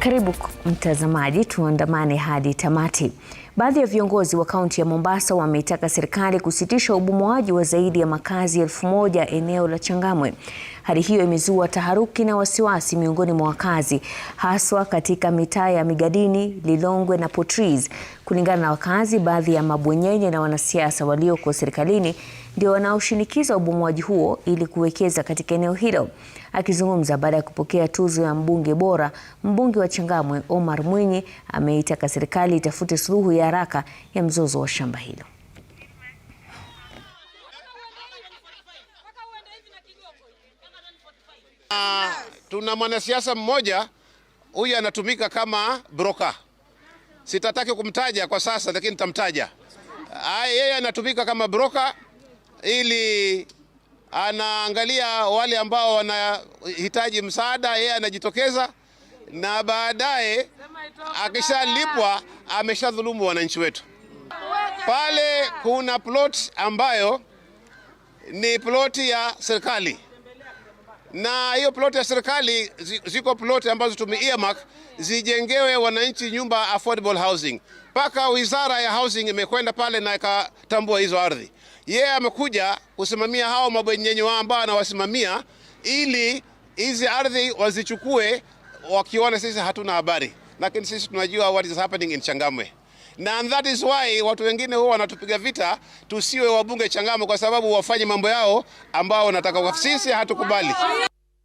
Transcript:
Karibu mtazamaji, tuandamane hadi tamati. Baadhi ya viongozi wa kaunti ya Mombasa wameitaka serikali kusitisha ubomoaji wa zaidi ya makazi elfu moja eneo la Changamwe. Hali hiyo imezua taharuki na wasiwasi miongoni mwa wakazi, haswa katika mitaa ya Migadini, Lilongwe na Portreis. Kulingana na wakazi, baadhi ya mabwenyenye na wanasiasa walioko serikalini ndio wanaoshinikiza ubomoaji huo ili kuwekeza katika eneo hilo. Akizungumza baada ya kupokea tuzo ya mbunge bora, mbunge wa Changamwe Omar Mwinyi ameitaka serikali itafute suluhu ya haraka ya mzozo wa shamba hilo. Uh, tuna mwanasiasa mmoja huyu anatumika kama broka Sitataki kumtaja kwa sasa, lakini nitamtaja. Ah, yeye anatumika kama broka ili anaangalia wale ambao wanahitaji msaada, yeye anajitokeza na baadaye akishalipwa ameshadhulumu wananchi wetu. Pale kuna plot ambayo ni ploti ya serikali na hiyo ploti ya serikali, ziko ploti ambazo tumeearmark zijengewe wananchi nyumba affordable housing. Mpaka wizara ya housing imekwenda pale na ikatambua hizo ardhi. Yeye yeah, amekuja kusimamia hao mabwenyenye ambao anawasimamia ili hizi ardhi wazichukue, wakiona sisi hatuna habari, lakini sisi tunajua what is happening in Changamwe na that is why watu wengine huwa wanatupiga vita tusiwe wabunge changamo, kwa sababu wafanye mambo yao ambao wanataka. Sisi hatukubali.